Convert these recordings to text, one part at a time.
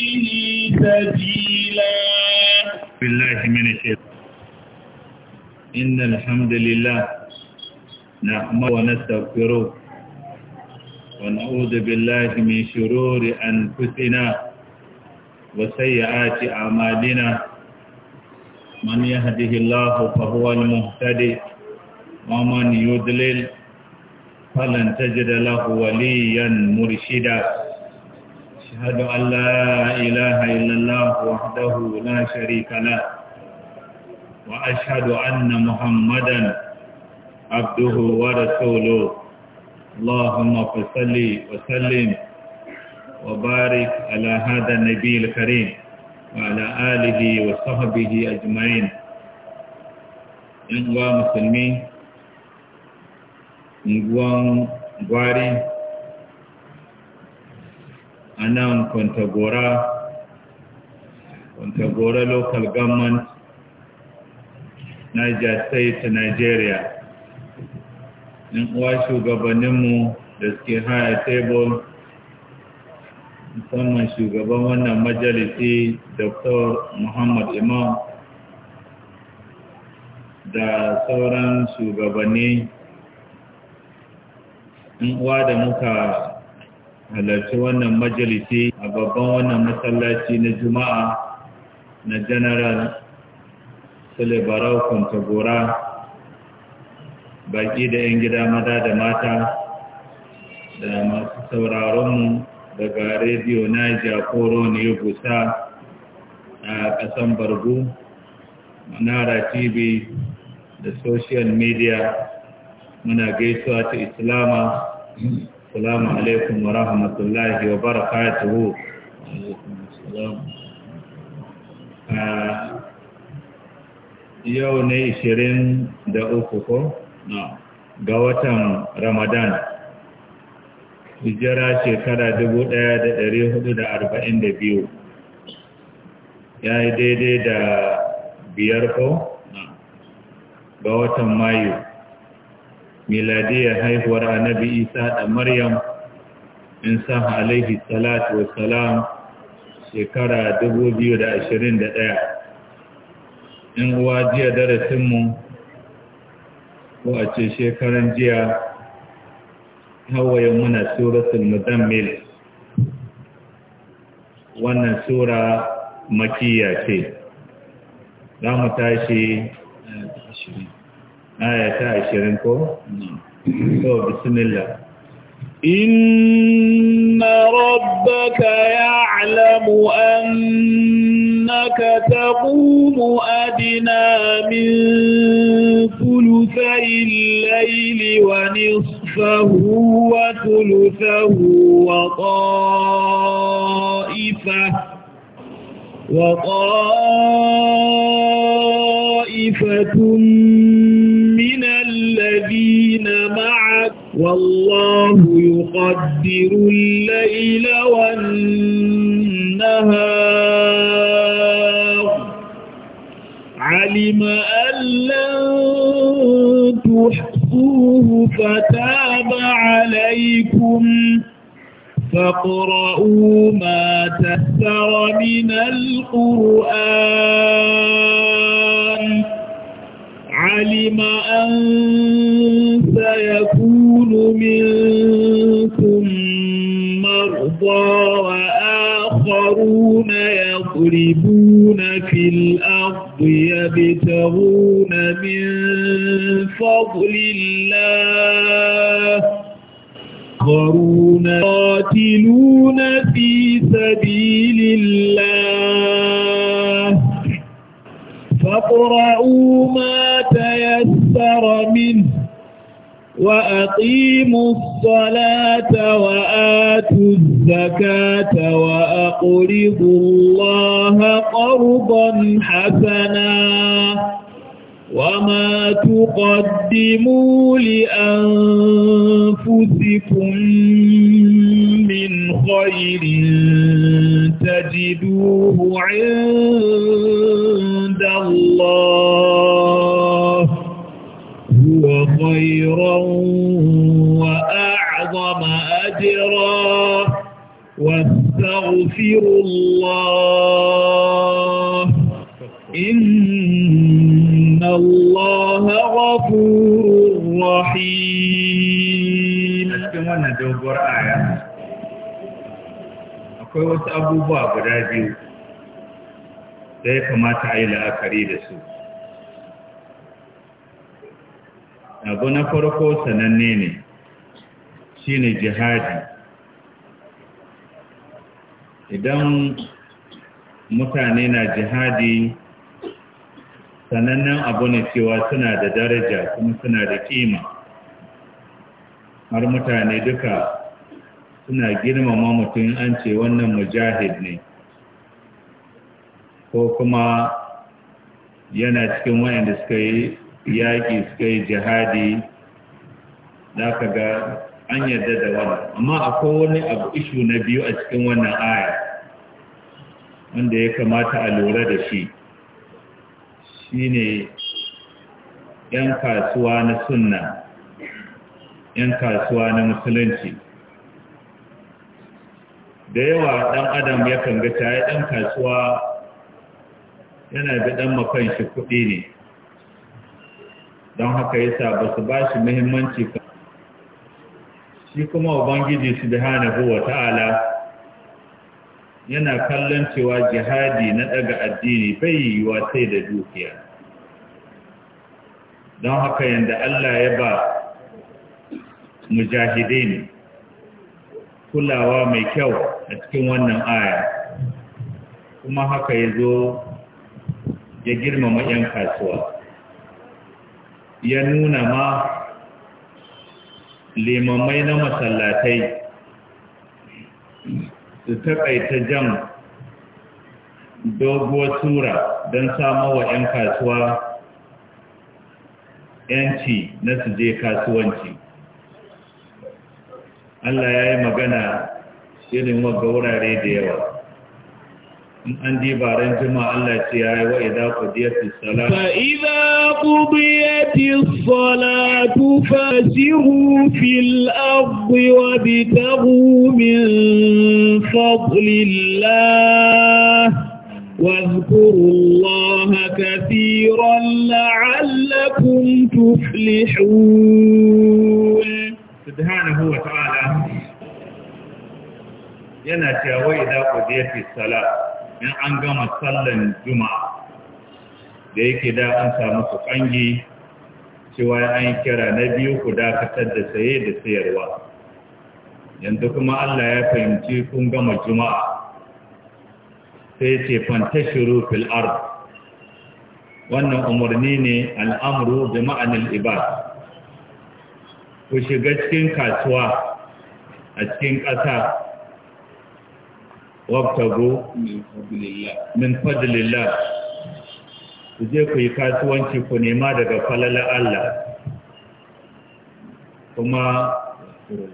به سبيلا بالله من الشيطان إن الحمد لله نحمد ونستغفره ونعوذ بالله من شرور أنفسنا وسيئات أعمالنا من يهده الله فهو المهتدي ومن يضلل فلن تجد له وليا مرشدا أشهد أن لا إله إلا الله وحده لا شريك له وأشهد أن محمدا عبده ورسوله اللهم فصل وسلم وبارك على هذا النبي الكريم وعلى آله وصحبه أجمعين إن مسلمين إن gwari a nan kwantagora kwantagora local government niger state nigeria in uwa shugabanninmu da suke haya table musamman shugaban wannan majalisi dr muhammad imam da sauran shugabanni in uwa da muka halarci wannan majalisi a babban wannan masallaci na juma'a na general salibarau kwantagora baki da 'yan gida maza da mata da masu sauraronmu daga rediyo niger koro ne gusa a kasan bargu manara tv da social media muna gaisuwa ta islama السلام عليكم ورحمة الله وبركاته yau ne ishirin da uku ko ga watan ramadan hijira shekara dubu ɗaya da ɗari hudu da arba'in da biyu ya yi daidai da biyar ko ga watan mayu miladiyar haihuwar annabi isa da maryam in san alaihi salatu wa salam shekara 2021 in uwa jiya darasinmu ko a ce shekaran jiya hawaye muna suratul mudammil wannan sura makiyya ce za mu tashi 20 eh, آية عشرينكو نعم طيب، بسم الله إن ربك يعلم أنك تقوم أدنى من ثلثي الليل ونصفه وثلثه وطائفة وطائفة الله يقدر الليل والنهار علم أن لن تحصوه فتاب عليكم فاقرؤوا ما تسر من الأرض الأرض يبتغون من فضل الله قرون قاتلون في سبيل الله فاقرؤوا ما تيسر منه وأقيموا الصلاة وآتوا الزكاة وأقرضوا الله أرضا حسنا وما تقدموا لأنفسكم من خير تجدوه عند الله هو خيرا وأعظم أجرا واستغفروا الله akwai wasu abubuwa guda biyu da ya kamata a yi la'akari da su abu na farko sananne ne shi ne jihadi idan mutane na jihadi sanannen abu ne cewa suna da daraja kuma suna da kima har mutane duka suna girmama mutum an ce wannan mujahid ne ko kuma yana cikin wayanda suka yi yaƙi suka yi jihadi da ka ga an yarda da wani. amma akwai wani abu ishu na biyu a cikin wannan aya wanda ya kamata a lura da shi shine yan kasuwa na sunna yan kasuwa na musulunci da yawa ɗan adam yakan ga ta yi ɗan kasuwa yana bi ɗan makon shi kuɗi ne don haka yasa ba su ba shi muhimmanci shi kuma ubangiji su hana wa ta'ala yana kallon cewa jihadi na ɗaga addini bai yiwuwa sai da dukiya don haka yadda Allah ya ba mujahidai ne kulawa mai kyau a cikin wannan aya kuma haka ya zo ya girmama 'yan kasuwa ya nuna ma limamai na masallatai su taƙaita jan doguwa tura don wa 'yan kasuwa 'yanci na su je kasuwanci Allah ya yi magana irin wagga wurare da yawa in an diba ran juma'a Allah ce ya yi wa idza qudiyatis salat fa idza qudiyatis salatu fasiru fil ardi wabtaghu min fadlillah واذكروا الله كثيرا لعلكم تفلحون subhanahu wa ta'ala yana cewa wai da fi salat in an gama sallan juma'a da yake da an samu su kangi cewa an kira na biyu ku dakatar da saye da sayarwa yanzu kuma Allah ya fahimci kun gama juma'a sai ce fantashiru fil ard wannan umarni ne al'amru bi ma'anil ibad ku shiga cikin kasuwa a cikin ƙasa wabtago min fadlillah ku je ku yi kasuwanci ku nema daga falala Allah kuma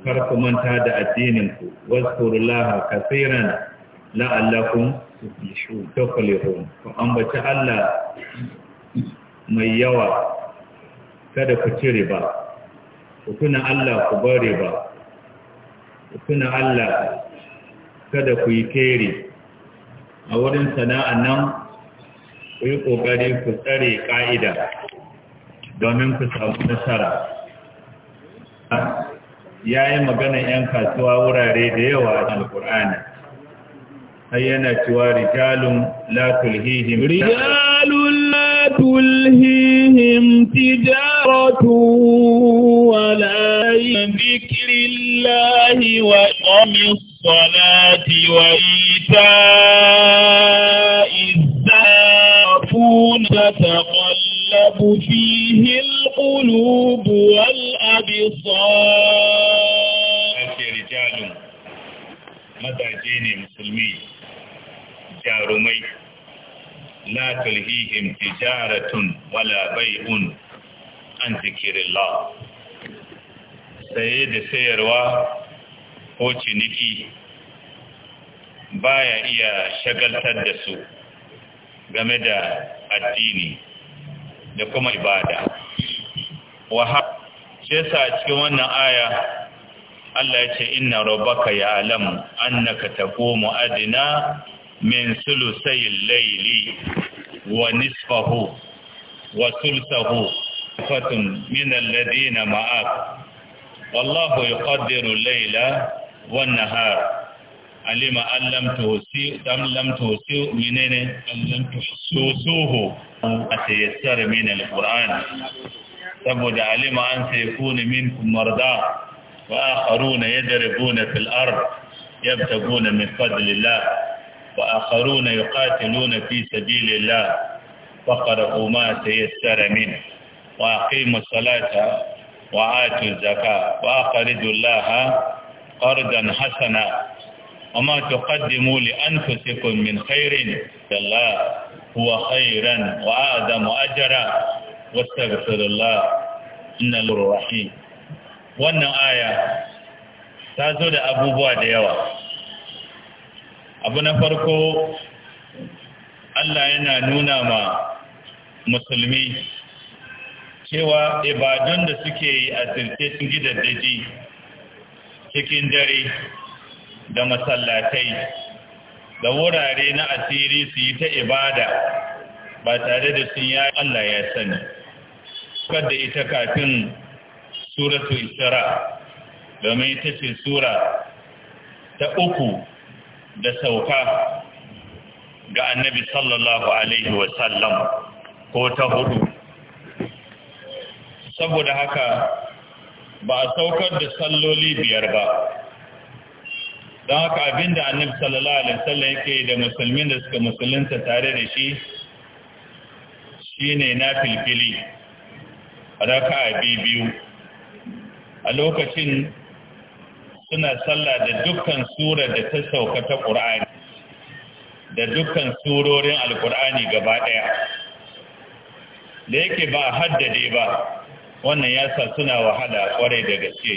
karku manta da addininku wazkurullaha kasiran la'allakum tuflihun ku ambaci Allah mai yawa kada ku cire ba. ku tuna Allah ku bare ba ku tuna Allah kada ku yi kere a wurin sana'an nan ku yi ƙoƙari ku tsare ƙa'ida domin ku samu nasara ya yi magana 'yan kasuwa wurare da yawa a alkur'ani har yana cewa rijalun latulhihim rijalun tijaratu ولا ذكر الله وإقام الصلاة وإيتاء الزافون تتقلب فيه القلوب والأبصار رجال مدعجين مسلمي جارمي لا تلهيهم تجارة ولا بيع عن ذكر الله saye da sayarwa ko ciniki baya iya shagaltar da su game da addini da kuma ibada wahab shi sa cikin wannan aya Allah ya ce inna rabbaka yalam, annaka taqumu adna min sulusayil layli wa nisfahu wa thulthahu fatun min alladhina ma'ak والله يقدر الليل والنهار علم أن لم تهسي لم تهسي منين لم تحسوه أتيسر من القرآن سبد علم أن سيكون منكم مرضى وآخرون يدربون في الأرض يبتغون من فضل الله وآخرون يقاتلون في سبيل الله فقرأوا ما تيسر منه وأقيموا الصلاة وآتوا الزكاة وأقرضوا الله قرضا حسنا وما تقدموا لأنفسكم من خير فالله هو خيرا وآدم أجرا واستغفر الله إن الله رحيم آية aya أبو zo da abubuwa da yawa abu na farko Allah cewa ibadun da suke yi a sirtecin gidaddaji cikin dare da masallatai da wurare na asiri su yi ta ibada ba tare da sun yi Allah ya sani kada ita kafin suratu isra domin ita ce sura ta uku da sauka ga annabi sallallahu alaihi wasallam ko ta hudu saboda haka ba a saukar da salloli biyar ba don haka abinda annabi sallallahu alaihi wasallam yake da musulmin da suka musulunta tare da shi shine na filfili raka'a biyu a lokacin suna sallah da dukkan surar da ta sauka ta Qur'ani da dukkan surorin Alƙur'ani gaba ɗaya da yake ba haddade ba wannan ya sa suna wahala kwarai da gaske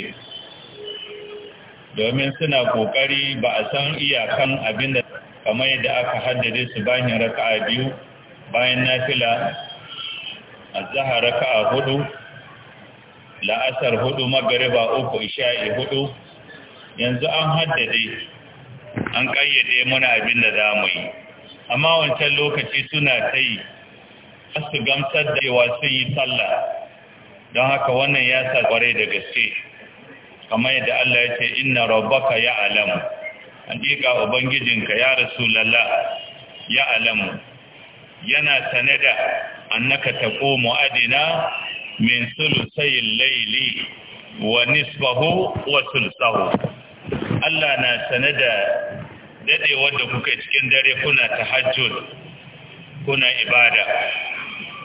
domin suna kokari ba a san iyakan abin da kamar yadda aka haddade su bayan raka'a biyu bayan nafila azhar raka'a hudu la'asar hudu magariba uku isha'i hudu yanzu an haddade an kayyade muna abin da za mu yi amma wancan lokaci suna ta yi su gamsar da cewa sun yi sallah don haka wannan ya sa kwarai da gaske kamar yadda Allah ya ce inna rabbaka ya alamu hakika ubangijinka ya rasulullah ya alamu yana sane da annaka taqumu adina min sulusayil layli wa nisfahu wa sulusahu Allah na sane da dadewar da kuka cikin dare kuna tahajjud kuna ibada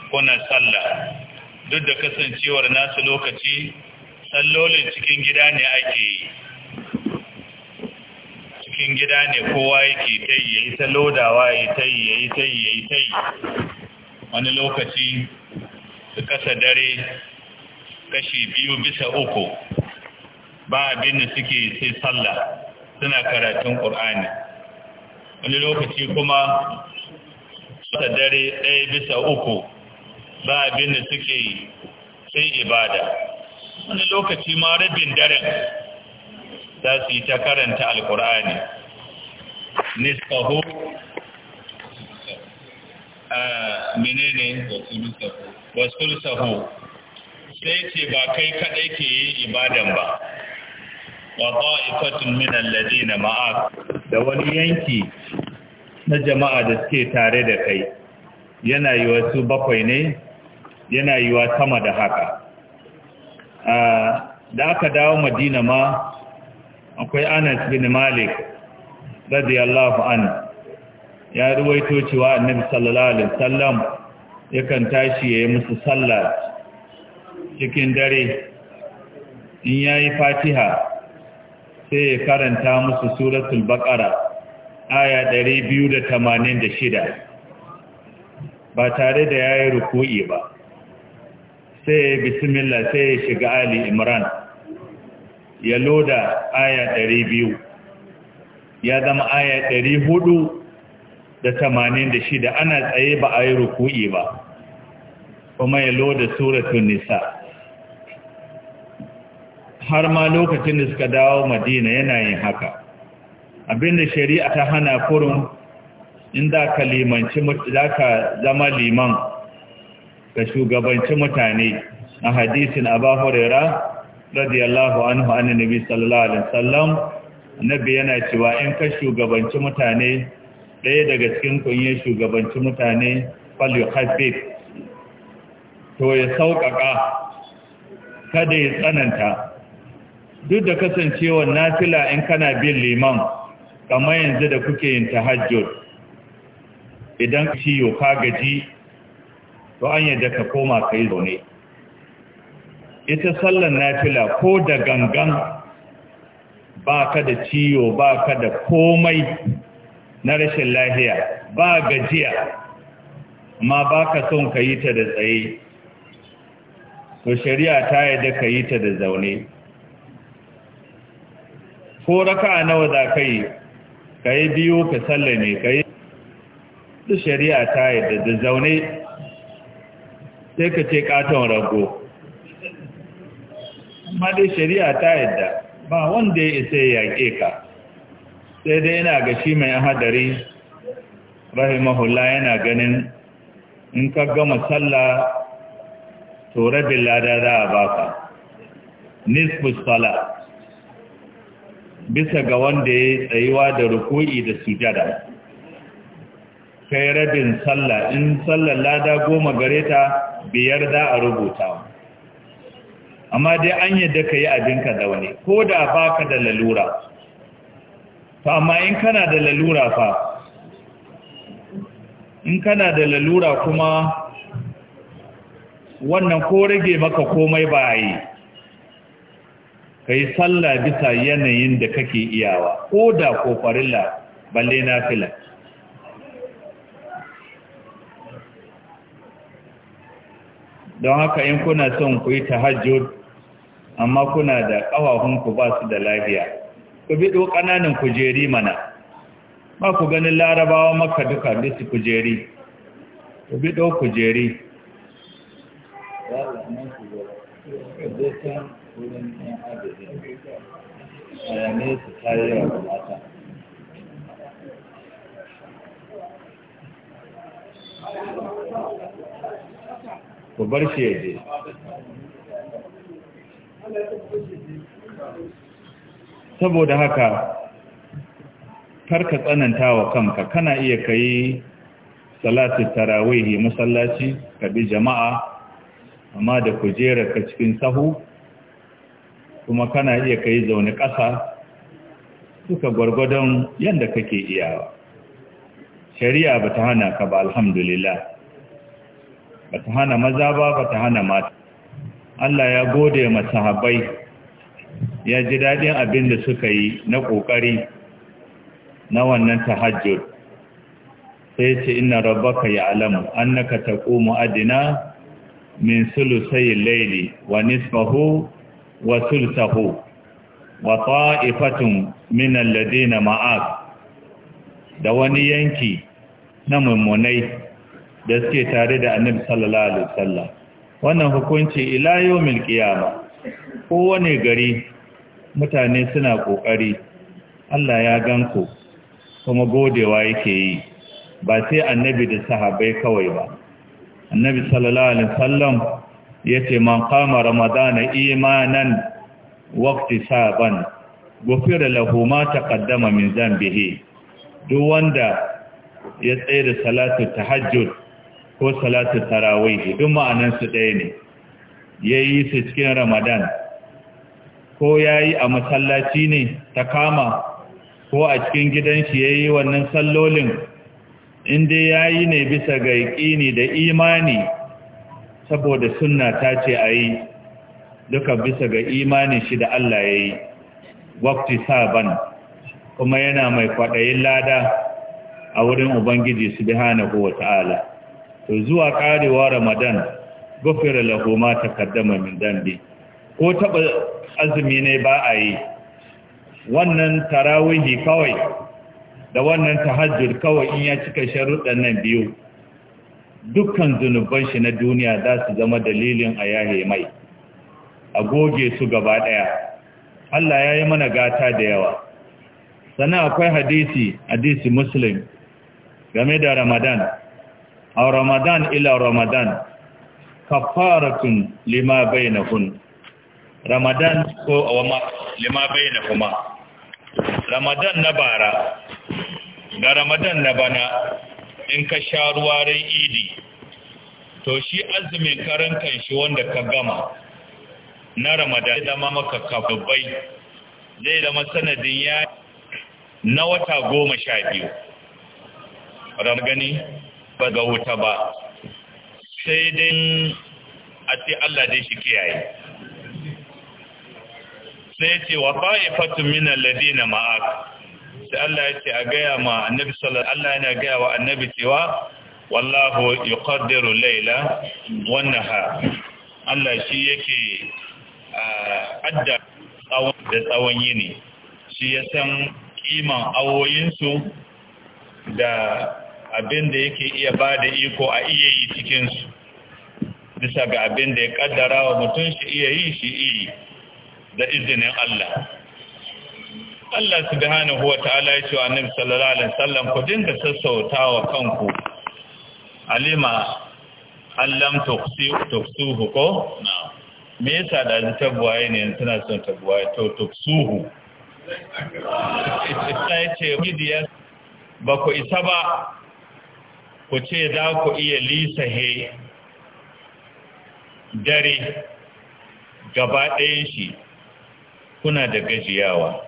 kuna sallah duk da kasancewar nasu lokaci tsallolin cikin gida ne ake yi cikin gida ne kowa yake ta yi yi ta lodawa yi ta yi yi ta yi yi ta yi wani lokaci su kasa dare kashi biyu bisa uku ba abin da suke sai sallah suna karatun ƙur'ani wani lokaci kuma su kasa dare ɗaya bisa uku ba abin da suke yi sai ibada wani lokaci ma rabin daren za su yi ta karanta alkur'ani nisfahu a menene wasu sahu sai ce ba kai kadai ke yi ibadan ba wa minan lade na ma'ak da wani yanki na jama'a da suke tare da kai yana yi wasu bakwai ne yana yiwa sama da haka da aka dawo madina ma akwai anas bin malik radiyallahu an ya ruwaito cewa annabi sallallahu alaihi wasallam yakan tashi ya yi musu sallah cikin dare in ya yi fatiha sai ya karanta musu suratul baqara aya biyu da da tamanin shida. ba tare da yi ruku'i ba sai bismillah sai ya shiga ali imran ya loda aya 200 ya zama aya 486 ana tsaye ba a yi ruku'i ba kuma ya loda suratun nisa har ma lokacin da suka dawo madina yana yin haka abinda shari'a ta hana kurun in ka zama liman ka shugabanci mutane a hadisin abu huraira radiyallahu anhu annabi sallallahu alaihi wasallam annabi yana cewa in ka shugabanci mutane daya daga cikin ku yin shugabanci mutane fal yuhaffif to ya sauƙaƙa kada ya tsananta duk da kasancewar nafila in kana bin liman kamar yanzu da kuke yin tahajjud idan ciwo ka gaji to an yadda ka koma ka yi zaune ita sallan nafila ko da gangan ba ka da ciwo ba ka da komai na rashin lahiya ba gajiya ma ba ka son ka yi ta da tsaye to shari'a ta yadda ka yi ta da zaune ko raka a nawa za ka yi ka yi biyu ka sallane ka yi shari'a ta yadda da zaune sai ka ce katon rago amma dai shari'a ta yadda ba wanda ya isa ya yaƙe ka sai dai yana ga shi mai hadari rahimahullah yana ganin in ka gama sallah to rabin lada za a baka nisbus sala bisa ga wanda ya tsayuwa da ruku'i da sujada kai rabin sallah in sallar lada goma gare ta biyar za a rubuta amma dai an yadda ka yi abinka da wani ko da ba ka da lalura to amma in kana da lalura fa in kana da lalura kuma wannan ko rage maka komai ba yi ka yi sallah bisa yanayin da kake iyawa ko da ko farilla balle na fila don haka in kuna son ku yi tahajjud amma kuna da ƙafafunku ba su da lafiya ku biɗo ƙananan kujeri mana ba ku ganin larabawa maka duka dusu kujeri ku biɗo kujeri a yanayi su kayi mata ku bar shi ya je saboda haka karka tsananta wa kanka kana iya kai salatin tarawihi masallaci ka bi jama'a amma da kujerar ka cikin sahu kuma kana iya kai zaune ƙasa suka gwargwadon yadda kake iyawa shari'a ba ta hana ka ba alhamdulillah ba ta hana maza ba ba ta hana mata Allah ya gode masahabai ya ji daɗin abin da suka yi na ƙoƙari na wannan tahajjud sai ce ina rabbaka ya alamu annaka taqumu adina min sulusai laili wa nisfahu wa sultahu wa ta'ifatun min alladhina ma'ak da wani yanki na mummunai da suke tare da annabi sallallahu alaihi wasallam wannan hukunci ila yawmil qiyama kowane gari mutane suna kokari Allah ya ganku kuma godewa yake yi ba sai annabi da sahabbai kawai ba annabi sallallahu alaihi wasallam yace man qama ramadana imanan waqtisaban gufira lahu ma taqaddama min dhanbihi duk wanda ya tsaye da salatu tahajjud ko salatu tarawih duk ma'anan su ɗaya ne yayi su cikin ramadan ko yayi a masallaci ne ta kama ko a cikin gidan shi yayi wannan sallolin in dai yayi ne bisa ga yaqini da imani saboda sunna ta ce ayi duka bisa ga imani shi da Allah yayi waqti saban kuma yana mai kwadayin lada a wurin Ubangiji subhanahu wa ta'ala. to zuwa karewa ramadan gafira lahu ma takaddama min dambi ko taba azumi ne ba a yi wannan tarawihi kawai da wannan tahajjud kawai in ya cika sharuɗan nan biyu dukkan zunuban shi na duniya za su zama dalilin a yahe mai a goge su gaba ɗaya Allah ya yi mana gata da yawa sannan akwai hadisi hadisi muslim game da ramadan A ramadan ila ramadan kafaratun لما بينهن ramadan ko awama lima bainahuma ramadan na bara da ramadan na bana in ka sha ruwa rai idi to shi azumin karan shi wanda ka gama na ramadan zama maka kababbai zai zama sanadin ya na wata goma sha biyu gani ba ga wuta ba sai dai a ce Allah dai shi kiyaye sai ce wa ta'ifatu min alladhina ma'ak sai Allah ya ce a gaya ma annabi sallallahu Allah yana gaya wa annabi cewa wallahu yuqaddiru layla wan nahar Allah shi yake adda tsawon da tsawon yini shi ya san kiman awoyinsu da abin da yake iya ba da iko a iya yi cikinsu bisa ga abin da ya kaddara wa mutum shi iya yi shi iri, da izinin Allah Allah hannun huwa ta'ala ya ce wa annabi sallallahu alaihi wasallam ku dinga sassauta wa kanku alima allam tuqsi tuqsuhu ko na me yasa da tabwaye ne tana son tabwaye to tuqsuhu sai ce midiya ba ku isa ba ku ce za ku iya lisahe dare gaba ɗayan shi kuna da gajiyawa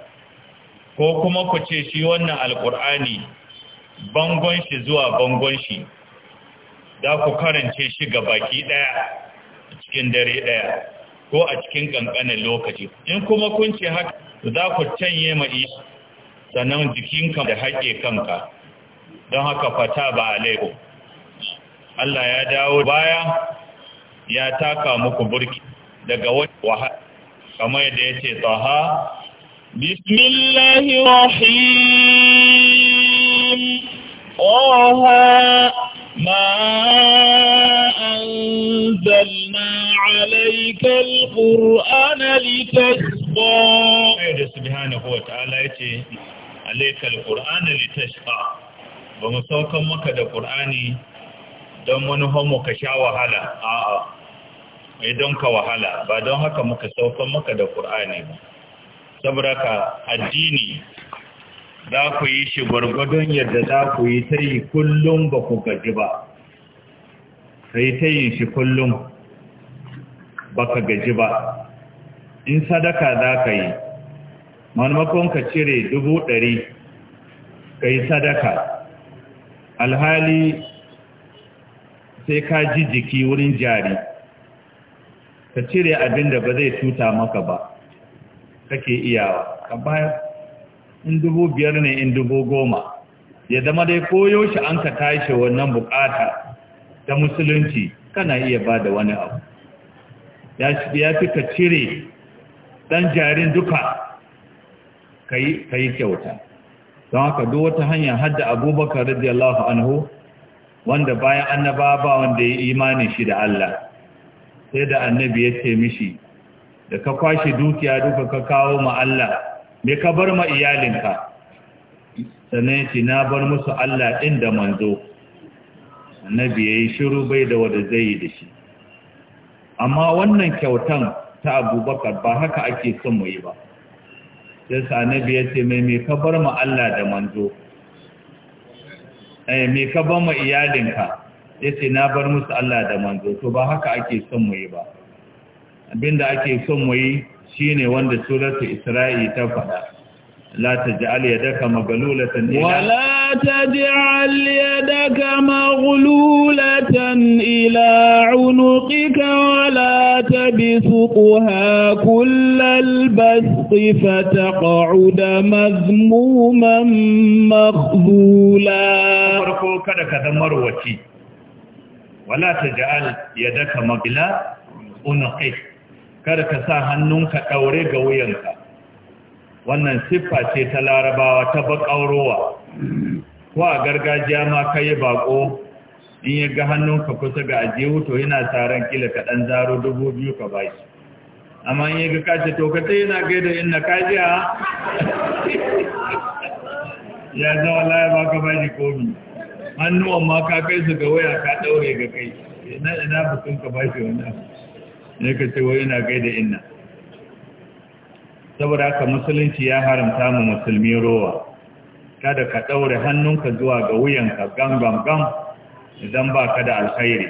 ko kuma ku ce shi wannan alkur'ani bangon shi zuwa bangon shi za ku karance shi ga baki ɗaya a cikin dare ɗaya ko a cikin ƙanƙanin lokaci in kuma kun ce haka za ku canye ma sannan jikinka da haƙe kanka don haka fata ba alaikum Allah ya dawo baya ya taka muku burki daga wani wahala kamar yadda ya ce taha bismillahirrahim oha ma anzalna alayka alqur'ana litasqa sai da subhanahu wa ta'ala yace alayka alqur'ana litasqa ba mu saukan maka da ƙur'ani don wani homo ka sha wahala a'a mai don ka wahala ba don haka muka saukan maka da ƙur'ani ba saboda ka addini za ku yi shi gwargwadon yadda za ku yi ta yi kullum ba ku gaji ba yi ta yi shi kullum ba ka gaji ba in sadaka za ka yi manamakon ka cire dubu ɗari ka yi sadaka alhali sai ka ji jiki wurin jari ka cire abin da ba zai cuta maka ba kake iyawa ka bayar in dubu biyar ne in dubu goma ya zama dai koyo shi an ka tashi wannan bukata ta musulunci kana iya ba da wani abu ya fi ka cire ɗan jarin duka ka yi kyauta don haka duk wata hanya hadda abubakar radiyallahu anhu wanda bayan annaba ba wanda ya imani shi da Allah sai da annabi ya ce mishi da ka kwashe dukiya duka ka kawo ma Allah me ka bar ma iyalinka sannan ce na bar musu Allah ɗin da manzo annabi ya yi shiru bai da wanda zai yi da shi amma wannan kyautan ta abubakar ba haka ake son mu yi ba sai sa annabi ya ce mai me ka bar mu Allah da manzo eh mai ka bar mu iyalinka yace na bar musu Allah da manzo to ba haka ake son mu yi ba abinda ake son mu yi shine wanda suratu isra'i ta faɗa لا تجعل يدك مغلولة إلى ولا تجعل يدك مغلولة إلى عنقك ولا يبسطها كل البسط فتقعد مذموما مخذولا farko kada ka zama ruwaci wala taj'al yadaka mabla unqi kada ka sa hannunka ɗaure ga wuyanka wannan siffa ce ta larabawa ta bakarowa ko a gargajiya ma kai baƙo? in ya ga hannunka kusa ga ajiye to yana taron kila kaɗan zaro dubu biyu ka ba shi amma in ya ga kace to ka sai yana gaida in ka ji a ya zama laya ba ka ba shi komi hannuwan ma ka kai su ga waya ka ɗaure ga kai ina ina bukun ka ba shi abu. ne ka ce wai yana gaida inna saboda haka musulunci ya haramta mu musulmi rowa kada ka ɗaure hannunka zuwa ga wuyanka gam gam gam idan ba ka da alkhairi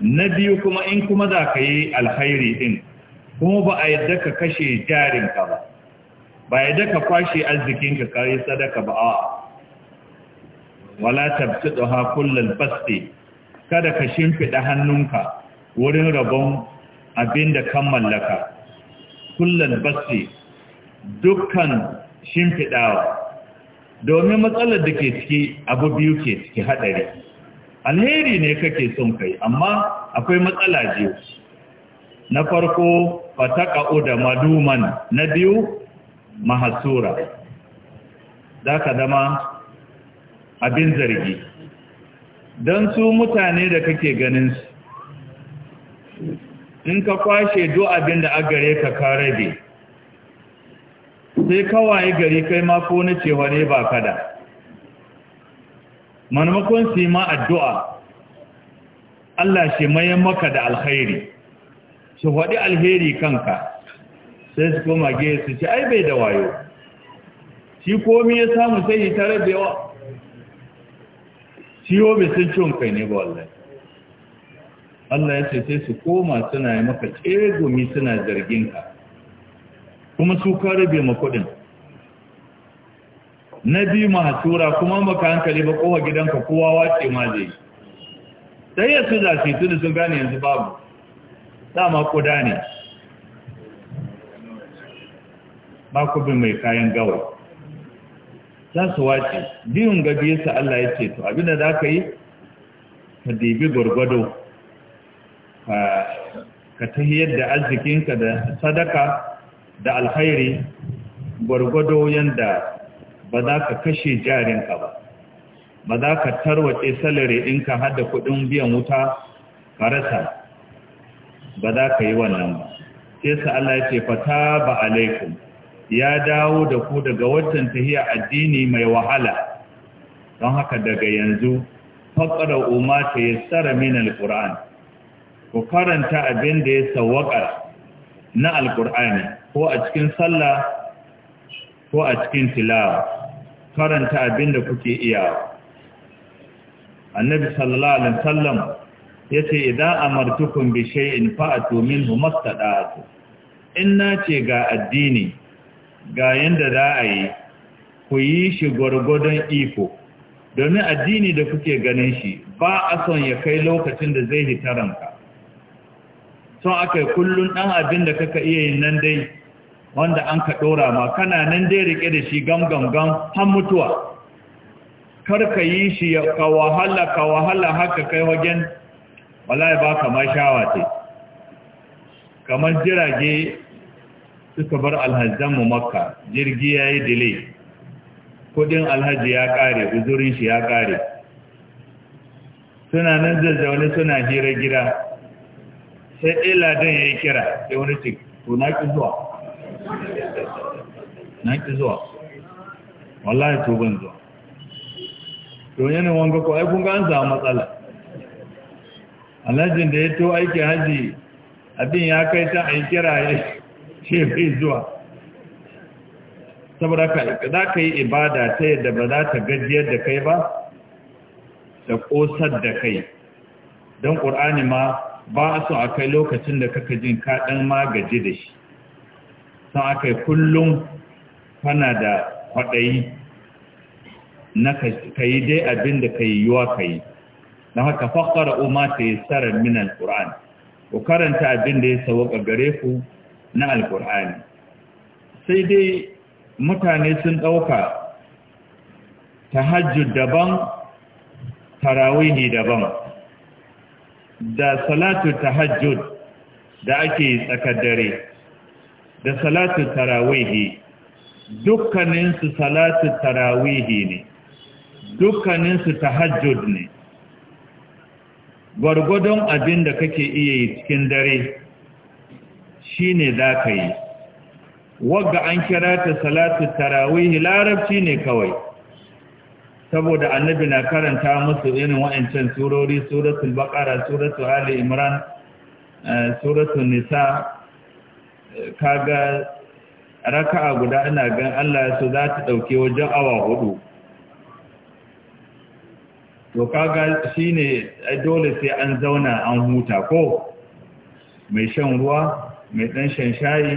na biyu kuma in kuma za ka yi alkhairi din kuma ba a yadda ka kashe jarinka ba ba yadda ka kwashe arzikinka ka yi sadaka ba a wala tabtudu ha kullal fasti kada ka shimfida hannunka wurin rabon abin da kan mallaka kullal fasti dukkan shimfidawa domin matsalar da ke ciki abu biyu ke ciki hadari alheri ne kake son kai amma akwai matsala biyu na farko fataka da maduman na biyu mahasura za ka zama abin zargi don su mutane da kake ganin su in ka kwashe do abin da agare ka ka rabe sai kawai gari kai ma ko na cewa ne ba kada manamakon su yi ma addu'a Allah shi mayan maka da alkhairi su faɗi alheri kanka sai su koma ge su ci ai bai da wayo shi komi ya samu sai yi tare da yawa ciwo bai sun ciwon kai ne ba wallai, Allah ya ce sai su koma suna yi maka tsegumi suna zarginka kuma su ka rabe makudin na bi mahasura kuma maka hankali ba kowa gidanka kowa wace ma zai sai ya su shi tuni sun gane yanzu babu dama kuda ne ba ku bi mai kayan gawa za su wace biyun gabi yasa Allah ya ce to abinda za ka yi ka dibi gwargwado ka tahiyar yadda arzikinka da sadaka da alhairi gwargwado yanda ba za ka kashe jarinka ba ba za ka tarwace salari ɗinka kuɗin biyan wuta ka rasa ba za ka yi wannan ba sai sa Allah ya ce fata ba alaikum ya dawo da ku daga watan tahiya addini mai wahala don haka daga yanzu faƙara umma ta yi tsara min alƙur'an ku karanta abin da ya sawwaƙa na alƙur'ani ko a cikin sallah ko a cikin tilawa faranta abin da kuke iya annabi sallallahu alaihi wasallam yace idza amartukum bi shay'in fa'tu minhu mastada'tu in na ce ga addini ga yanda za a yi ku yi shi gwargwadon iko domin addini da kuke ganin shi ba a son ya kai lokacin da zai hitaranka son aka yi kullum ɗan abin da kaka iya yin nan dai wanda an ka ɗora ma kana nan dai rike da shi gam gam gam har mutuwa kar ka yi shi ka wahala ka wahala haka kai wajen wallahi ba ka ma shawa ce kamar jirage suka bar alhazan mu makka jirgi ya yi delay kudin alhaji ya kare uzurin shi ya kare suna nan zazzaune suna hira gida sai ɗaya ladan ya yi kira sai wani cikin tunakin na zuwa na ki zuwa wallahi to ban zuwa to yana wanga ko ai kun ga an za matsala alhajin da ya to aiki haji abin ya kai ta ai kira ya ce bai zuwa saboda ka za ka yi ibada ta yadda ba za ta gajiyar da kai ba da ƙosar da kai don ƙur'ani ma ba a so a kai lokacin da kaka jin kaɗan ma magaji da shi sun aka kullum kana da kwaɗayi na ka yi dai abin da ka yi yiwa ka yi na haka fakar umar ta yi tsarar min alƙur'ani ku karanta abin da ya sauƙa gare ku na alƙur'ani sai dai mutane sun ɗauka tahajjud daban tarawihi daban da salatu tahajjud da ake tsakar dare da Salatu tarawihi dukkaninsu Salatu tarawihi ne dukkaninsu tahajjud ne gwargwadon abin da kake iya yi cikin dare shi za ka yi wagga an kira ta salatu tarawihi larabci ne kawai saboda annabi na karanta musu irin wa'ancan surori suratul baqara suratul ali imran eh, suratul nisa kaga raka'a guda ana gan Allah su so za ta ɗauke wajen awa hudu to kaga shine dole sai an zauna an huta ko mai shan ruwa mai ɗan shan shayi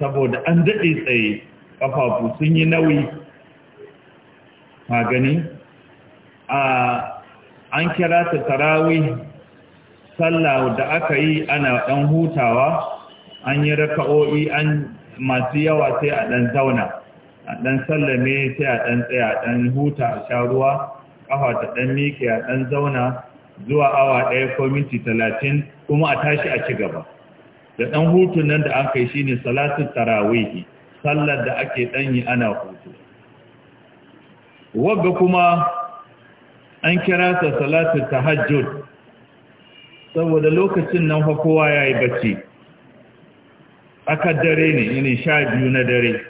saboda an daɗe tsaye ƙafafu sun yi nauyi magani a an kira ta tarawi sallah da aka yi ana ɗan hutawa an yi raka'o'i an masu yawa sai a ɗan zauna a ɗan sallame sai a ɗan tsaya a ɗan huta a sha ruwa ƙafa ta ɗan miƙe a ɗan zauna zuwa awa ɗaya ko minti talatin kuma a tashi a ci gaba da ɗan hutun nan da an kai shi ne salatun sallar da ake ɗan yi ana hutu wagga kuma an kira ta salatun tahajjud saboda lokacin nan fa kowa ya yi bacci tsakar dare ne yini sha biyu na dare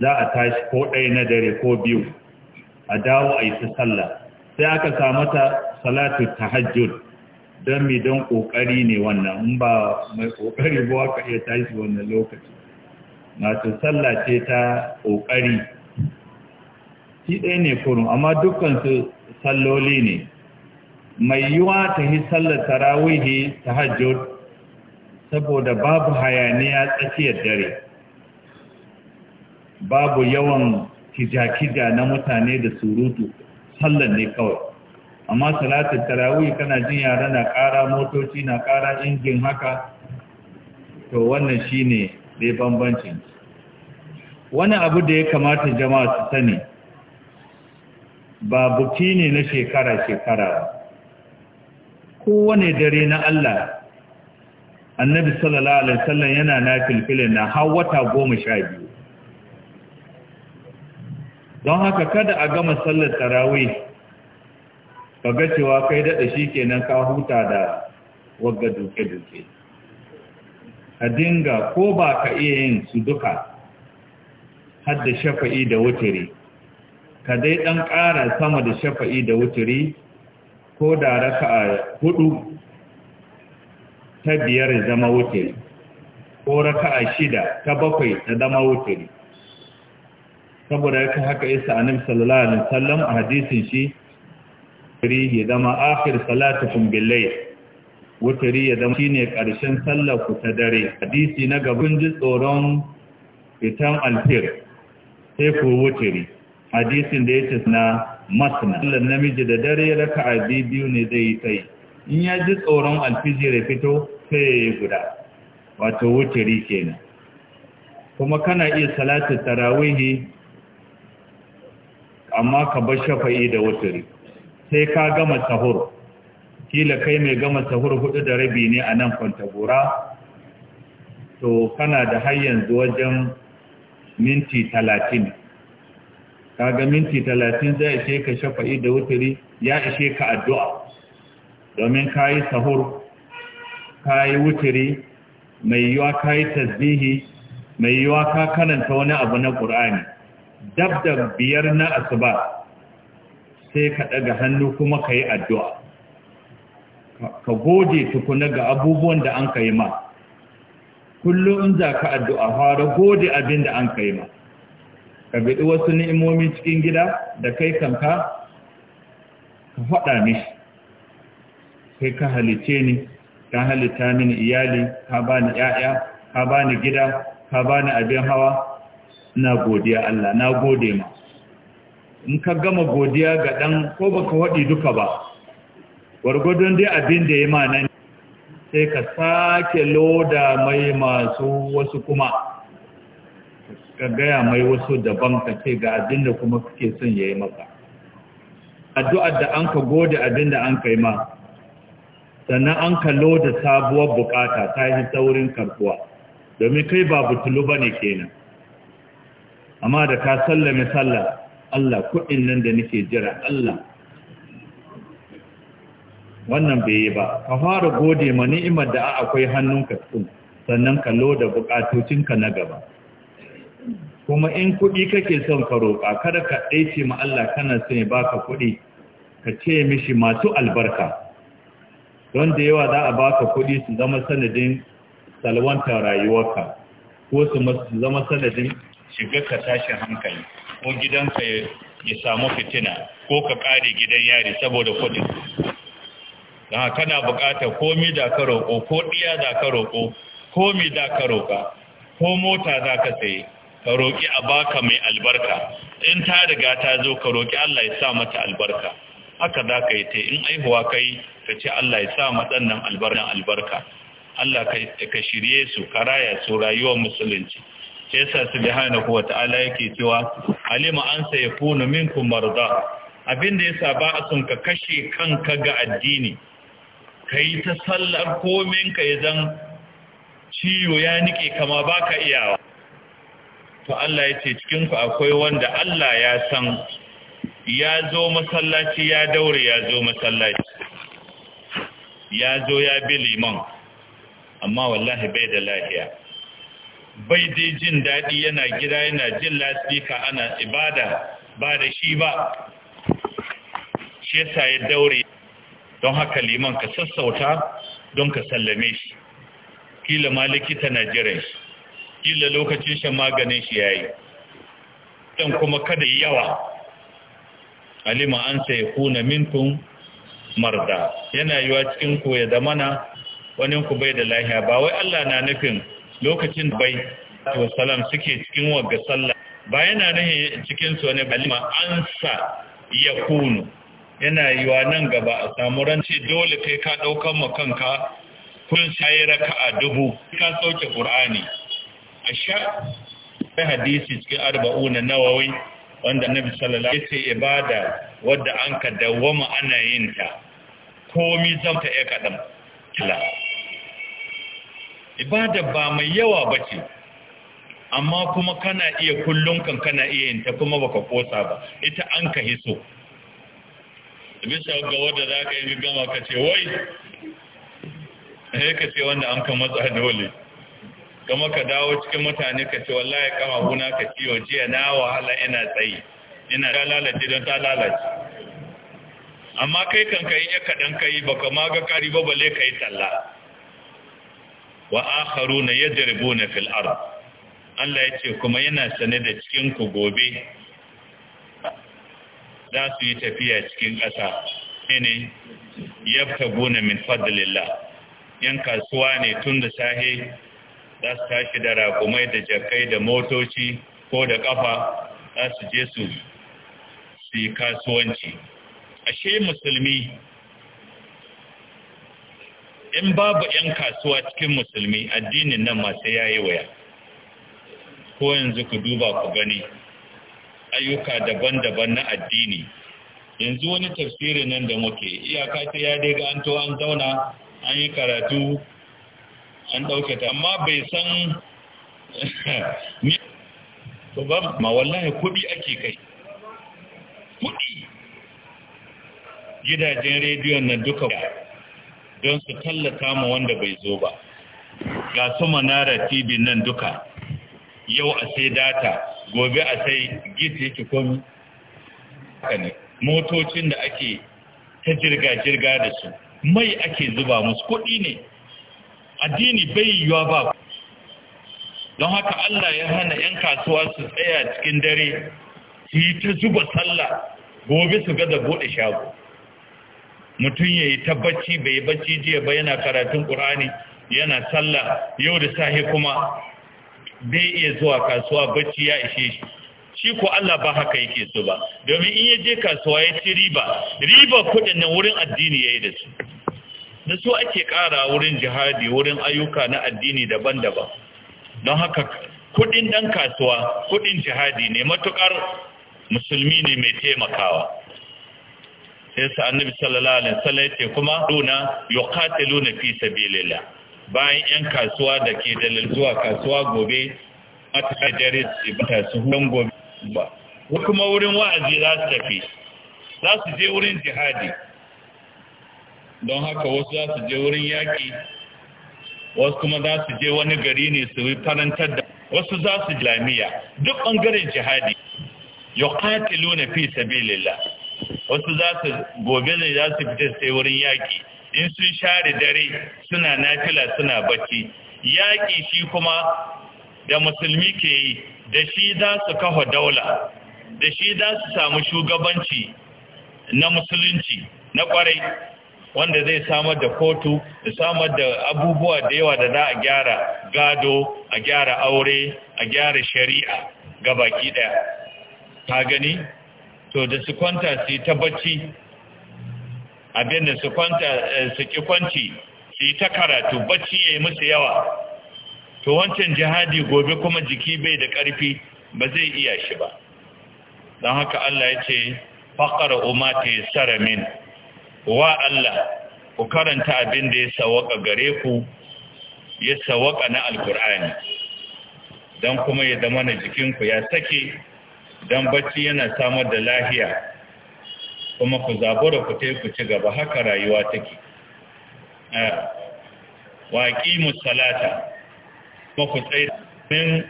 za a tashi ko ɗaya na dare ko biyu a dawo a yi ta sallah sai aka samu ta salatu tahajjud don mi don ƙoƙari ne wannan in ba mai ƙoƙari ba ka iya tashi wannan lokaci masu sallah ce ta ƙoƙari shi ɗaya ne kurun amma dukkansu salloli ne mai yiwa ta yi sallar tarawihi tahajjud saboda babu hayaniya tsakiyar dare babu yawan kijakija na mutane da surutu sallan ne kawai amma salatin tarawih kana jin yara na kara motoci na kara injin haka to wannan shine dai bambancin wani abu da ya kamata jama'a su sani ba buki ne na shekara-shekara kowane dare na Allah annabi sallallahu alaihi wasallam yana na filfilin na har wata goma sha biyu don haka kada a gama sallar tarawih ka cewa kai daɗa shi kenan ka huta da wagga duke-duke ka dinga ko ba ka iya yin su duka hadda shafa'i da wuturi ka dai ɗan ƙara sama da shafa'i da wuturi ko da raka a hudu ta biyar ya zama wutiri ko a shida ta bakwai ta zama wutiri saboda yake haka isa annabi sallallahu alaihi sallam, a hadisin shi wutiri ya zama akhir salatu kun billai wutiri ya zama shi ne sallar ku ta dare hadisi na gaban ji tsoron fitan alfir sai ku wutiri hadisin da ya ce na masana sallar namiji da dare raka a biyu ne zai yi tsayi in ya ji tsoron alfijir ya fito sai guda wato wuturi kenan kuma kana iya salatu tarawihi amma ka bar shafa'i da wuturi sai ka gama sahur kila kai mai gama sahur hudu da rabi ne a nan kwantabura to kana da har yanzu wajen minti talatin kaga minti talatin zai ishe ka shafa'i da wuturi ya ishe ka addu'a domin ka yi sahur ka yi wuturi mai yiwa ka yi tasbihi mai yiwa ka karanta wani abu na ƙur'ani dab biyar na asuba sai ka ɗaga hannu kuma ka yi addu'a ka gode tukuna ga abubuwan da an ka yi ma kullum in za ka addu'a fara gode abin da an ka yi ma ka biɗi wasu ni'imomi cikin gida da kai kanka ka faɗa mishi kai ka halice ni ka halitta mini iyali ka bani ya'ya ka bani gida ka bani abin hawa ina godiya Allah na gode ma in ka gama godiya ga dan ko baka wadi duka ba gwargwadon dai abin da ya ma nan sai ka sake loda mai masu wasu kuma ka gaya mai wasu daban ka ce ga abin da kuma kake son ya yi maka addu'ar da an ka gode abin da an kai ma sannan an kallo da sabuwar bukata ta yi saurin karbuwa domin kai ba butulu ba ne kenan amma da ka sallame sallah Allah kuɗin nan da nake jira Allah wannan bai yi ba ka fara gode ma ni'imar da akwai hannunka sun sannan kallo da bukatocinka na gaba kuma in kuɗi kake son ka roƙa kada ka ɗaice ma Allah kana son ya baka kuɗi ka ce mishi masu albarka don da yawa za a baka kuɗi su zama sanadin salwantar rayuwarka ko su zama sanadin shiga ka tashin hankali ko gidanka ya samu fitina ko ka ƙare gidan yari saboda kuɗin don kana buƙatar komi da ka roƙo ko ɗiya da ka roƙo komi da ka roƙa ko mota za ka tsaye ka roƙi a baka mai albarka in ta riga ta zo ka roƙi Allah ya sa mata albarka haka za ka yi ta in aihuwa kai ka ce Allah ya sa matsannan albarkan albarka Allah ka shirye su ka raya su rayuwar musulunci sa su sai hana kuwa ta'ala yake cewa alima an min Abin da abinda sa ba a sun ka kashe kanka ga addini Ka yi ta sallar komin ka zan ciwo ya nike kama ba baka iyawa to Allah ya ce cikinku akwai wanda Allah ya san ya zo masallaci ya daure ya zo masallaci ya zo ya bi liman amma wallahi bai da lahiya bai dai jin daɗi yana gida yana jin lasifika ana ibada ba da shi ba shi yasa ya daure don haka liman ka sassauta don ka sallame shi kila ma likita na jiran shi kila lokacin shan maganin shi yayi dan kuma kada yawa alima an sai kuna minkum marda yana yiwa cikin ku ya mana wani ku bai da lahiya ba wai Allah na nufin lokacin bai to salam suke cikin wagga sallah ba yana nahi cikin su ne balima ansa ya kunu yana yiwa nan gaba a samu ranci dole kai ka daukan mu kanka kun sai raka'a dubu ka sauke qur'ani asha hadisi cikin arba'una nawawi wanda nabi sallallahu alaihi wasallam yace ibada wadda an ka dawoma ana yin ta komi zauta ya kaɗan kila ibada ba mai yawa ba ce amma kuma kana iya kullum kan kana iya yin ta kuma baka kosa ba ita an ka hiso bisa ga wadda za ka yi gama ka ce wai sai ka ce wanda an ka matsa dole kama ka dawo cikin mutane ka ce wallahi kama guna ka ciwo jiya na wahala ina tsayi ina ta lalace don ta lalace amma kai kan kai ya kaɗan kai baka ma ga kari ba balle kai talla wa akharuna na fil ard Allah ya ce kuma yana sane da cikinku gobe za su yi tafiya cikin ƙasa ne yabtaguna min fadlillah yan kasuwa ne tun da sahe za su tashi da ragumai da jakai da motoci ko da ƙafa za su je su su yi kasuwanci ashe musulmi in babu 'yan kasuwa cikin musulmi addinin nan masu yayi waya ko yanzu ku duba ku gani ayyuka daban-daban na addini yanzu wani tafsiri nan da muke iyaka ta ya dai ga an to an zauna an yi karatu an ɗauke ta amma bai san ni ba ma wallahi kuɗi ake kai gidajen rediyon na duka don su tallata mu wanda bai zo ba ga su manara tv nan duka yau a sai data gobe a sai git yake komi motocin da ake ta jirga-jirga da su mai ake zuba musu kuɗi ne addini bai yiwa ba don haka Allah ya hana 'yan kasuwa su tsaya cikin dare su yi ta zuba sallah gobe su ga da buɗe shago mutum ya yi tabbaci bai bacci jiya ba yana karatun ƙur'ani yana sallah yau da sahi kuma bai iya zuwa kasuwa bacci ya ishe shi shi ko Allah ba haka yake so ba domin in ya je kasuwa ya ci riba riba kudin nan wurin addini ya yi da su da su ake ƙara wurin jihadi wurin ayyuka na addini daban-daban don haka kuɗin dan kasuwa kuɗin jihadi ne matukar musulmi ne mai taimakawa sai sa annabi sallallahu alaihi wasallam yace kuma duna yuqatiluna fi sabilillah bayan yan kasuwa da ke dalil zuwa kasuwa gobe mata dare su bata su hun gobe ba ko kuma wurin wa'azi za su tafi za su je wurin jihadi don haka wasu za su je wurin yaƙi wasu kuma za su je wani gari ne su yi farantar da wasu za su lamiya duk ɓangaren jihadi yuqatiluna fi sabilillah wasu za su gobe ne za su fita sai wurin yaƙi in sun share dare suna nafila suna bacci yaƙi shi kuma da musulmi ke yi da shi za su kafa daula da shi za su samu shugabanci na musulunci na kwarai wanda zai samar da kotu da samar da abubuwa da yawa da za a gyara gado a gyara aure a gyara shari'a ga baki ɗaya. ka gani to da su kwanta su yi ta bacci su kwanta eh, su ki kwanci su yi ta karatu bacci ya yi musu yawa to wancan jihadi gobe kuma jiki bai da ƙarfi ba zai iya shi ba don haka Allah ya ce faƙar umata saramin wa Allah ku karanta abin da ya sawaka gare ku ya sawaƙa na alkur'ani don kuma ya zama na jikinku ya sake don bacci yana samar da lahiya kuma ku zabura ku ta ku ci gaba haka rayuwa take eh, waƙi musalata kuma ku tsaye min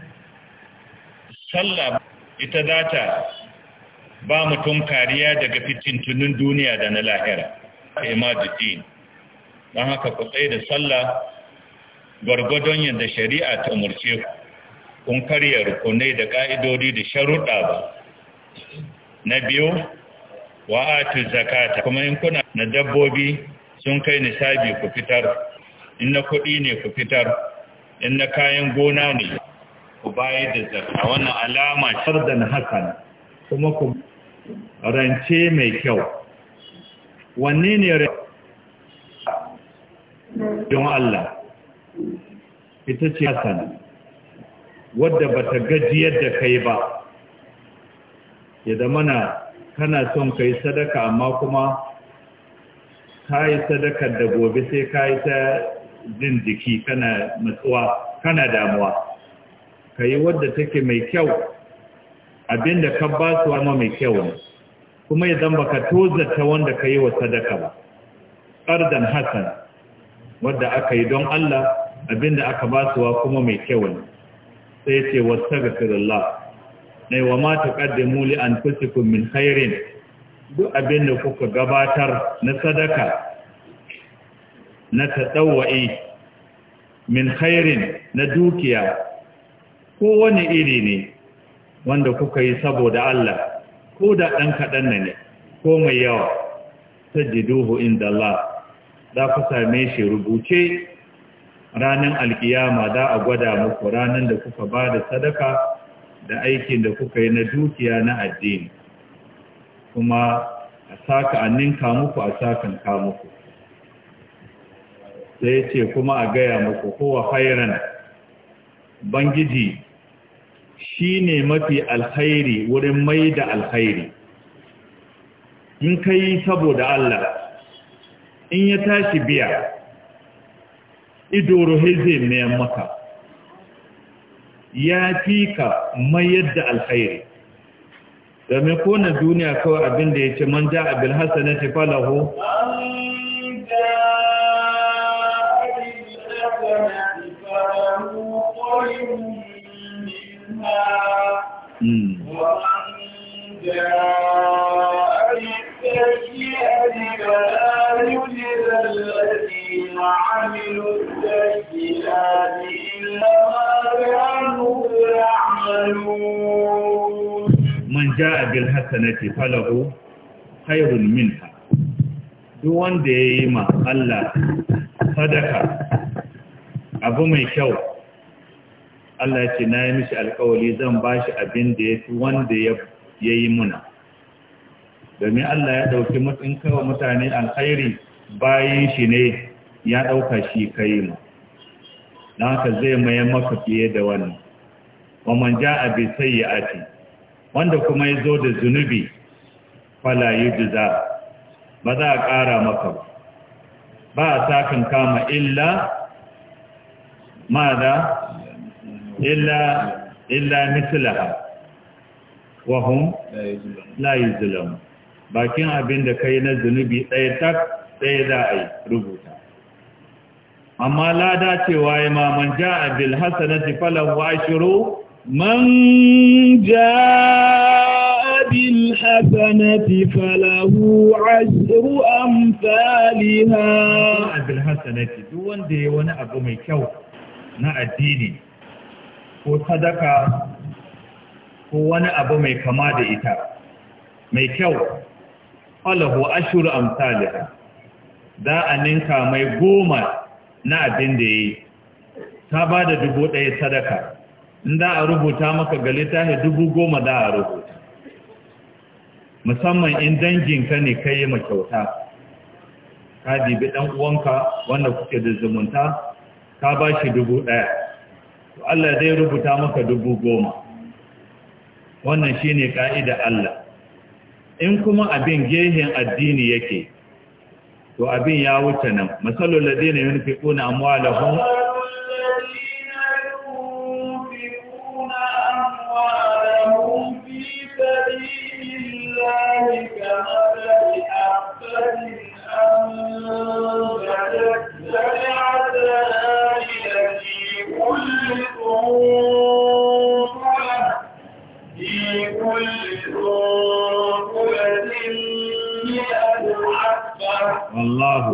sallah ita za ta ba mutum kariya daga fitintunin duniya da na lahira imajidin eh, don haka ku tsaye da sallah gwargwadon yadda shari'a ta umarce ku kun karya rukunai da ƙa'idodi da sharuɗa ba na biyu wa'atu zakata kuma in kuna na dabbobi sun kai nisabi ku fitar in na kuɗi ne ku fitar in na kayan gona ne ku bayar da zakka wannan alama shardan hakan kuma ku rance mai kyau wanne ne don Allah ita ce hasan wadda ba ta gajiyar da kai ba yadda mana kana son kai sadaka amma kuma ka yi sadakar da gobe sai ka yi ta jin jiki kana matsuwa kana damuwa ka yi wadda take mai kyau abinda ka ba su ma mai kyau ne kuma ya ba ka tozarta wanda ka yi wa sadaka ba ƙardan hasan wadda aka yi don Allah abinda aka ba su kuma mai kyau ne sai ce na yi wa mata taqaddimu li anfusikum min khairin duk abin da kuka gabatar na sadaka na taɗawai min hairin na dukiya ko wani iri ne wanda kuka yi saboda Allah ko da ɗan kaɗan ne ko mai yawa tajiduhu inda Allah za ku same shi rubuce ranan alkiyama za a gwada muku ranan da kuka ba da sadaka da aikin da kuka yi na dukiya na addini kuma a saka a ninka muku a sakan ka muku sai ce kuma a gaya muku kowa hairan bangiji shi ne mafi alkhairi wurin mai da alkhairi in ka yi saboda Allah in ya tashi biya idoro he zai mayan maka ya fi ka mayar da alkhairi domin kona duniya kawai abinda da ya ce manja ja abin hasana ta falahu ومن hmm. hmm. الكتاب ja ما كانوا يعملون من جاء بالحسنة duk wanda ya yi ma Allah sadaka abu mai kyau Allah ce na yi mishi alkawali zan ba shi abin da ya fi wanda ya yi muna domin Allah ya ɗauki mutum mutane alkhairi bayan shi ne ya ɗauka shi kai mu don haka zai maye maka fiye da wannan wa abin sai bi sayyi'ati wanda kuma ya zo da zunubi Kwala yi duza ba za a ƙara maka ba ba a sakan kama illa da illa illa mislaha wa la bakin abin da ka yi na zunubi ɗaya tak ɗaya za a yi rubuta amma lada cewa ya ma ja'a a Bilhassanati falahu ashiru man ja'a bil hasanati falahu ashiru amsalha bil duk wanda ya wani abu mai kyau na addini ko sadaka ko wani abu mai kama da ita mai kyau falahu ashiru amsalha za a ninka mai goma na abin da ya yi ta ba da dubu ɗaya sadaka in za a rubuta maka ta littafi dubu goma za a rubuta musamman in danginka ne ka yi makyauta ka dibi ɗan wanda kuke da zumunta Ta ba shi dubu ɗaya Allah zai rubuta maka dubu goma wannan shi ne ƙa'ida Allah in kuma abin gehen addini yake to abin ya wuce nan masalul ladina yunfiquna amwalahum كل والله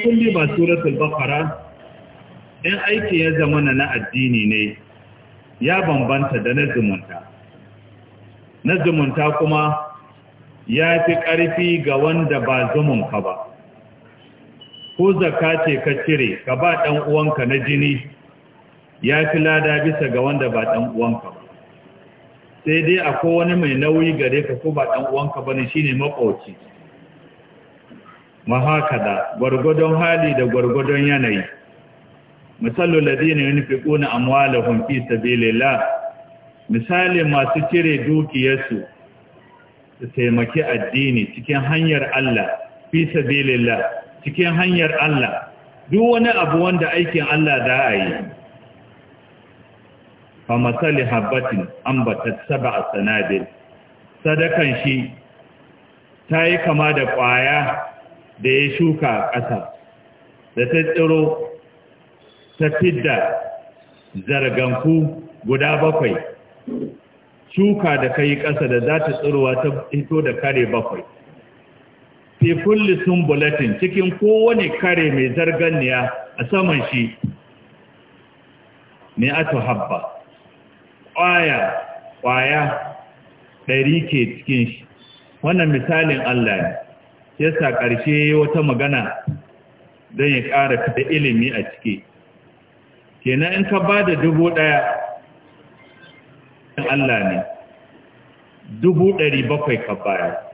kulli ba suratul baqara in aiki ya zama na addini ne ya bambanta da na zumunta na zumunta kuma ya fi ƙarfi ga wanda ba zumunka ba ko zaka ce ka cire ka ba ɗan uwanka na jini ya fi lada bisa ga wanda ba ɗan uwanka ba sai dai akwai wani mai nauyi gare ka ko ba ɗan uwanka ba ne shi ne maƙoci mahakada gwargwadon hali da gwargwadon yanayi misalu ladina yunfiquna amwalahum fi sabilillah Misali masu cire dukiyarsu su taimaki addini cikin hanyar Allah fi sabilillah cikin hanyar Allah duk wani abu wanda aikin Allah za a yi fa masali habbatin ta sab'a a sanadil sadakan shi ta yi kama da ƙwaya da ya shuka a ƙasa da ta tsiro ta fidda zarganku guda bakwai shuka da ka yi ƙasa da za ta tsirowa ta fito da kare bakwai fi kulli sumbulatin cikin kowane kare mai zarganniya a saman shi ne a habba ƙwaya ƙwaya ɗari ke cikin shi wannan misalin Allah ne ya sa ƙarshe wata magana don ya ƙara da ilimi a ciki kenan in ka ba da dubu ɗaya Allah ne dubu ɗari bakwai ka bayar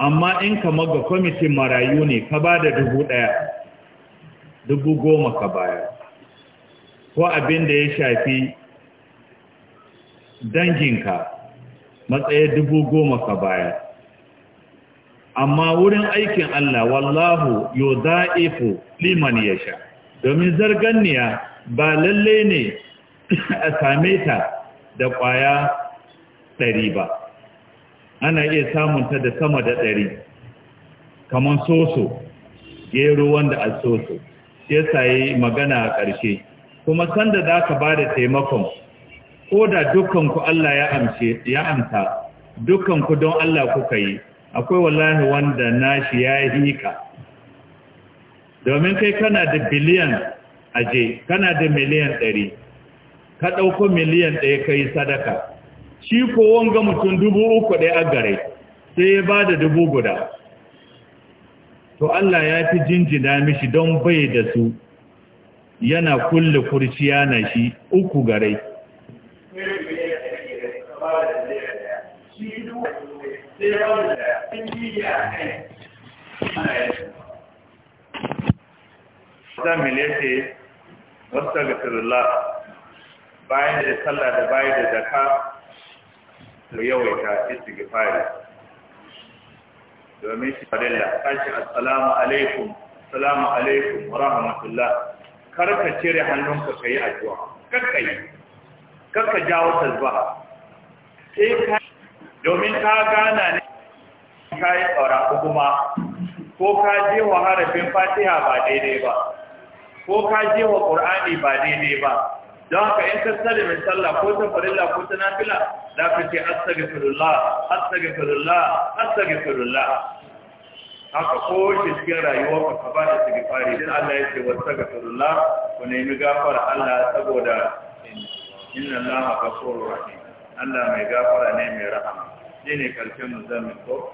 amma in kamar ga kwamitin marayu ne ka ba da dubu ɗaya dubu goma ka bayar ko abin da ya shafi danginka matsaye dubu goma ka bayar amma wurin aikin Allah wallahu yo za'ifu liman ya sha domin zarganniya ba lalle ne a same ta da ƙwaya ɗari ba ana iya samun ta da sama da ɗari kamar soso gero wanda a soso ya yi magana a ƙarshe kuma sanda za ka ba da taimakon ko da dukanku Allah ya amshe ya amsa dukanku don Allah kuka yi akwai wallahi wanda nashi ya hika domin kai kana da biliyan aje kana da miliyan ɗari ka ɗauko miliyan ɗaya ka yi sadaka shi ko wanga mutum dubu uku ɗaya a gare sai ya ba da dubu guda to Allah ya fi jinjina mishi don bai da su yana kulle kurciya na shi uku gare zamile ce wasu bayan da sallah da bayan da zaka su yawaita istighfari domin shi fadalla kashi assalamu alaikum assalamu alaikum wa rahmatullah kar ka cire hannunka ka yi addu'a kar ka yi kar ka jawo tazba sai ka domin ka gana ne ka yi tsara kuma ko ka je wa harafin fatiha ba daidai ba ko ka je wa qur'ani ba daidai ba don haka in ka sani mai sallah ko ta farilla ko ta nafila za ka ce astaghfirullah astaghfirullah astaghfirullah haka ko shi cikin rayuwar ka ka ba da istighfari dan Allah ya ce wastaghfirullah ku nemi gafara Allah saboda inna Allah ghafurur rahim Allah mai gafara ne mai rahama shine karshen mu zamu ko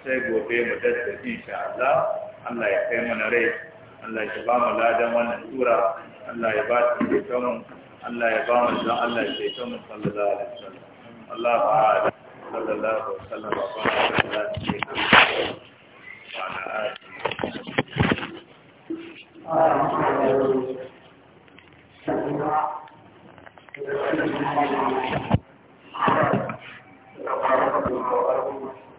sai gobe mu dace insha Allah Allah ya kai mana rai Allah ya ba mu ladan wannan tura. الله يبارك فيكم توم الله يبارك الله الله في توم صلى الله عليه وسلم الله تعالى صلى الله عليه وسلم وبارك على سيدنا وعلى آله وصحبه